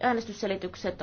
äänestysselitykset